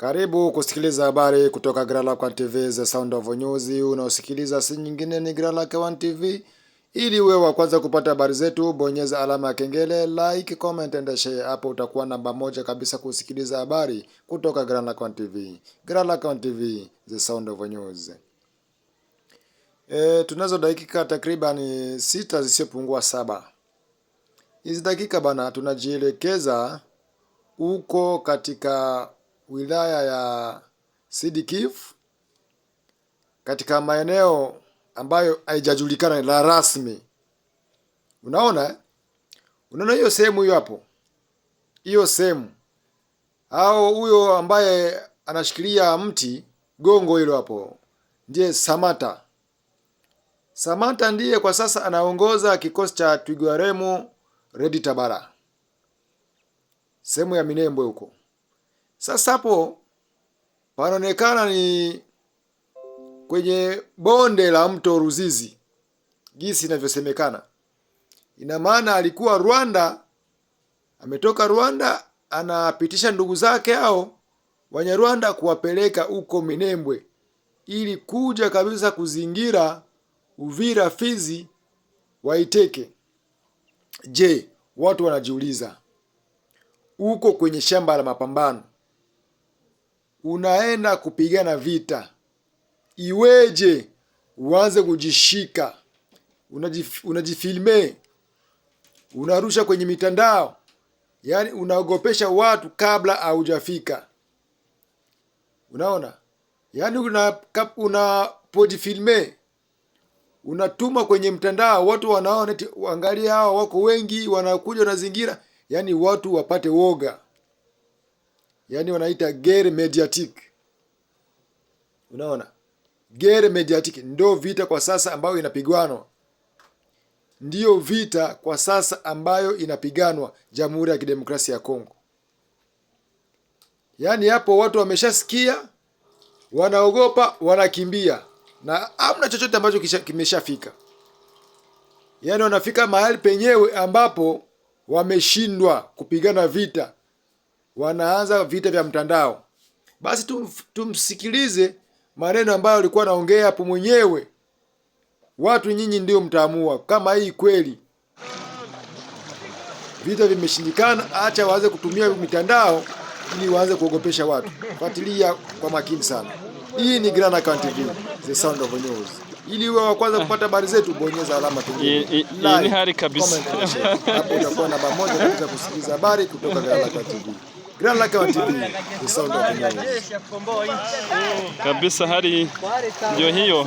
Karibu kusikiliza habari kutoka Grand One TV, the sound of news. Unaosikiliza si nyingine ni Grand One TV. Ili uwe wa kwanza kupata habari zetu, bonyeza alama ya kengele, like, comment and share. Hapo utakuwa namba moja kabisa kusikiliza habari kutoka Grand One TV. Grand One TV, the sound of news. E, tunazo dakika takriban sita zisiopungua saba. Hizi dakika bana, tunajielekeza huko katika wilaya ya sidikiv katika maeneo ambayo haijajulikana la rasmi. Unaona, unaona hiyo sehemu hiyo hapo, hiyo sehemu au huyo ambaye anashikilia mti gongo hilo hapo ndiye Samata. Samata ndiye kwa sasa anaongoza kikosi cha Twigwaremu Redi Tabara, sehemu ya Minembwe huko. Sasa hapo panaonekana ni kwenye bonde la mto Ruzizi gisi inavyosemekana. Ina maana alikuwa Rwanda, ametoka Rwanda, anapitisha ndugu zake hao Wanyarwanda kuwapeleka huko Minembwe ili kuja kabisa kuzingira Uvira, Fizi waiteke. Je, watu wanajiuliza, huko kwenye shamba la mapambano unaenda kupigana vita, iweje uanze kujishika, unajif, unajifilme unarusha kwenye mitandao, yaani unaogopesha watu kabla haujafika. Unaona, yaani unapojifilme una unatuma kwenye mtandao, watu wanaona, angalia, hawa wako wengi, wanakuja wanazingira, yaani watu wapate woga yani wanaita guerre mediatique. Unaona, guerre mediatique ndio vita kwa sasa ambayo inapiganwa ndiyo vita kwa sasa ambayo inapiganwa Jamhuri ya Kidemokrasia ya Kongo. Yaani hapo watu wameshasikia, wanaogopa, wanakimbia na hamna chochote ambacho kimeshafika. Yaani wanafika mahali penyewe ambapo wameshindwa kupigana vita wanaanza vita vya mtandao. Basi tum, tumsikilize maneno ambayo alikuwa anaongea hapo mwenyewe. Watu nyinyi ndio mtaamua kama hii kweli vita vimeshindikana, acha waanze kutumia mitandao ili waanze kuogopesha watu. Fuatilia kwa makini sana. Hii ni Grand Account TV, the sound of news. Ili uwe wa kwanza kupata habari zetu, bonyeza alama kengele. Ni hali kabisa hapo, utakuwa namba moja kuweza kusikiliza habari kutoka Grand Account TV. Bila like kabisa hari ndio hiyo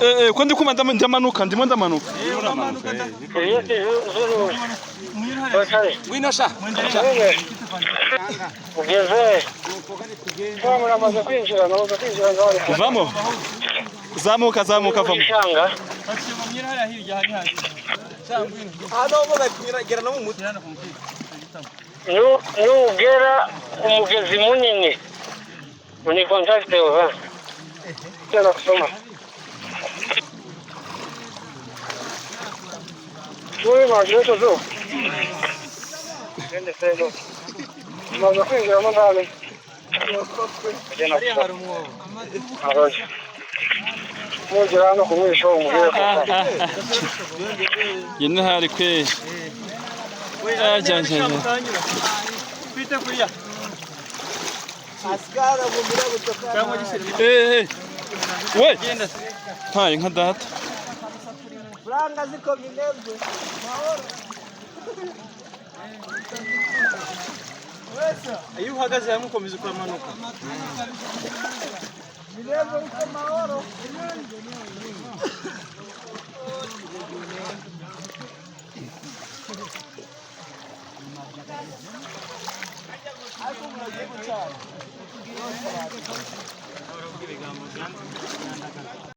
Eh, eh, kwende kuma ndamanuka ndimo ndamanuka. Eh, sha. Vamo. Zamuka zamuka vamo. Shanga. umugezi munini. Unikontakte wewe. Tena kusoma. 막 이러셔서 그런데 그래도 막 나쁜 게 얼마나 하네 이제 나쁘다 아버지 뭐 지나면 고민이 좋은 거예요 옛날 하리 쾌 아잔잔 Pita kuya. Askara bu bile bu tokar. Tamam hadi senin. Ee, ee. Vay. Tamam, hadi hadi. Karanga ziko minezo. o Iyo uhagaze hamwe ukomeza ukamanuka. Minezo uko maoro. Ariko muragiye gucana.